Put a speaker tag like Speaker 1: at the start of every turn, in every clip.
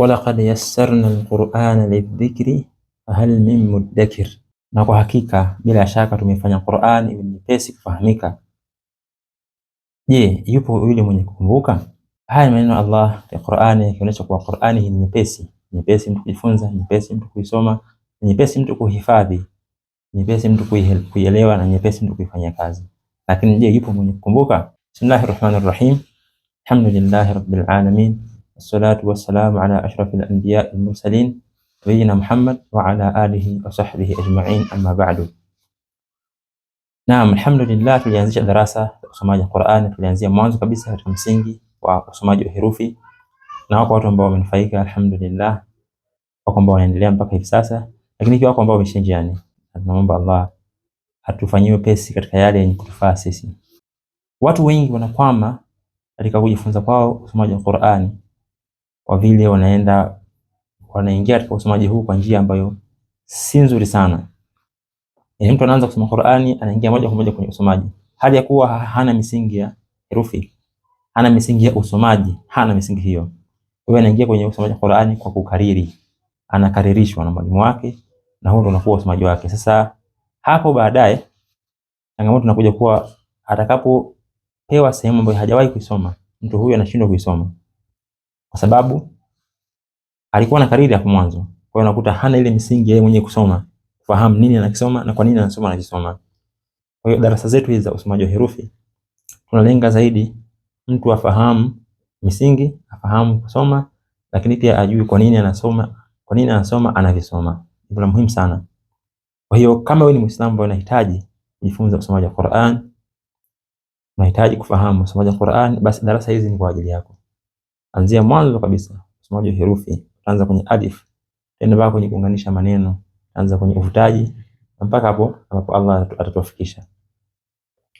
Speaker 1: walaqad yassarna alqur'ana lidhikri fahal min muddakir, na kwa hakika bila shaka tumefanya Qur'an iwe nyepesi kufahamika. Je, yupo yule mwenye kukumbuka? Haya maneno Allah ya Qur'ani yakionyesha kuwa Qur'ani hii nyepesi, nyepesi mtu kujifunza, nyepesi mtu kuisoma, nyepesi mtu kuhifadhi, nyepesi mtu kuielewa na nyepesi mtu kuifanyia kazi. Lakini je, yupo mwenye kukumbuka? Bismillahir Rahmanir Rahim, alhamdulillahi rabbil alamin Assalatu wassalamu ala ashrafil anbiya wal mursalin nabiyina Muhammad wa ala alihi wa sahbihi ajma'in, amma ba'du. Naam, alhamdulillah, tulianzisha darasa la usomaji wa Tulianzia mwanzo kabisa katika msingi wa usomaji wa herufi, na wako watu ambao wamenufaika alhamdulillah, wako ambao wanaendelea mpaka hivi sasa, lakini pia wako ambao wamesha njiani. Tunaomba Allah atufanyie pesi katika yale yenye kutufaa sisi. Watu wengi wanakwama katika kujifunza kwao usomaji wa Qur'ani kwa vile wanaenda wanaingia katika usomaji huu kwa njia ambayo si nzuri sana. Yaani mtu anaanza kusoma Qur'ani anaingia moja kwa moja kwenye usomaji, hali ya kuwa hana misingi ya herufi, hana misingi ya usomaji, hana misingi hiyo. Wewe anaingia kwenye usomaji wa Qur'ani kwa kukariri, anakaririshwa na mwalimu wake, na huo ndio unakuwa usomaji wake. Sasa hapo baadaye changamoto inakuja kuwa atakapopewa sehemu ambayo hajawahi kuisoma, mtu huyu anashindwa kuisoma kwa sababu alikuwa na kariri hapo mwanzo. Kwa hiyo unakuta hana ile misingi yeye mwenyewe kusoma, kufahamu nini anakisoma na kwa nini anasoma anakisoma. Kwa hiyo darasa zetu hizi za usomaji wa herufi tunalenga zaidi mtu afahamu misingi, afahamu kusoma, lakini pia ajue kwa nini anasoma, kwa nini anasoma anavisoma. Ndio muhimu sana. Kwa hiyo kama wewe ni Muislamu ambaye unahitaji kujifunza usomaji wa Qur'an, unahitaji kufahamu usomaji wa Qur'an, basi darasa hizi ni kwa ajili yako. Anzia mwanzo kabisa usomaji wa herufi, anza kwenye alif, tena mpaka kwenye kuunganisha maneno, anza kwenye uvutaji mpaka hapo ambapo Allah atatufikisha.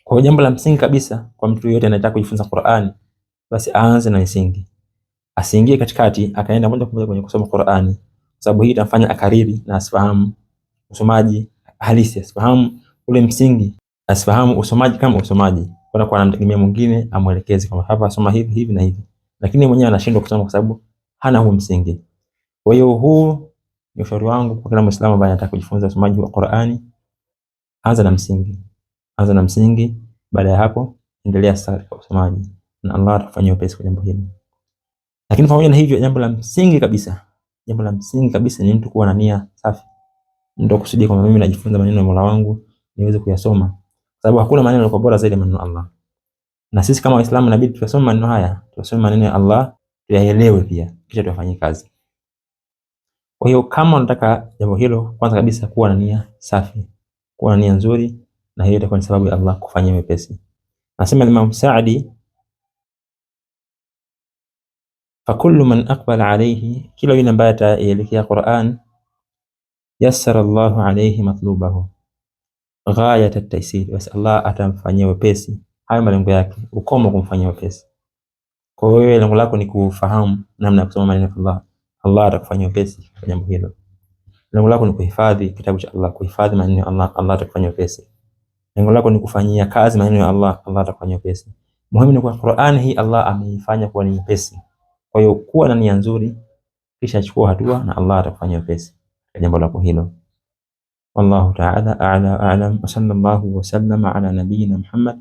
Speaker 1: Kwa hiyo jambo la msingi kabisa kwa mtu yeyote anayetaka kujifunza Qur'ani, basi aanze na msingi. Asiingie katikati akaenda moja kwa moja kwenye kusoma Qur'ani, sababu hii itamfanya akariri na asifahamu usomaji halisi, asifahamu ule msingi, asifahamu usomaji kama usomaji, kwa kuwa anamtegemea mwingine amwelekeze kwamba hapa soma hivi hivi na hivi lakini mwenyewe anashindwa kusoma kwa sababu hana huu msingi. Kwa hiyo huu ni ushauri wangu kwa kila Muislamu ambaye anataka kujifunza usomaji wa Qur'ani, anza na msingi, anza na msingi. Baada ya hapo, endelea sasa kwa usomaji na Allah atafanyia upesi kwa jambo hili. Lakini pamoja na hivyo, jambo la msingi kabisa, jambo la msingi kabisa ni mtu kuwa na nia safi, ndio kusudia kwamba mimi najifunza maneno ya Mola wangu niweze kuyasoma, sababu hakuna maneno yaliyo bora zaidi ya maneno ya Allah. Na sisi kama Waislamu inabidi tuyasome maneno haya, tuyasome maneno ya Allah, tuyaelewe pia, kisha tuyafanyie kazi. Kwa hiyo kama unataka jambo hilo, kwanza kabisa kuwa na nia safi, kuwa na nia nzuri, na hiyo itakuwa ni sababu ya Allah kufanyia wepesi. Nasema Imam Saadi, fa kullu man aqbala alayhi, kila yule ambaye ataelekea Qur'an, yassara Allahu alayhi matlubahu ghayat at-taysir, basi Allah atamfanyia wepesi Hayo malengo yake, ukomo kumfanyia wepesi. Kwa hiyo lengo lako ni kufahamu namna ya kusoma maneno ya Allah. Allah atakufanyia wepesi kwa jambo hilo. Lengo lako ni kuhifadhi kitabu cha Allah, kuhifadhi maneno ya Allah, Allah atakufanyia wepesi. Lengo lako ni kufanyia kazi maneno ya Allah, Allah atakufanyia wepesi. Muhimu ni kwa Qur'an hii Allah ameifanya kuwa ni nyepesi. Kwa hiyo kuwa na nia nzuri kisha chukua hatua na Allah atakufanyia wepesi kwa jambo lako hilo. Wallahu ta'ala a'la a'lam wa sallallahu wa sallama ala nabiyyina Muhammad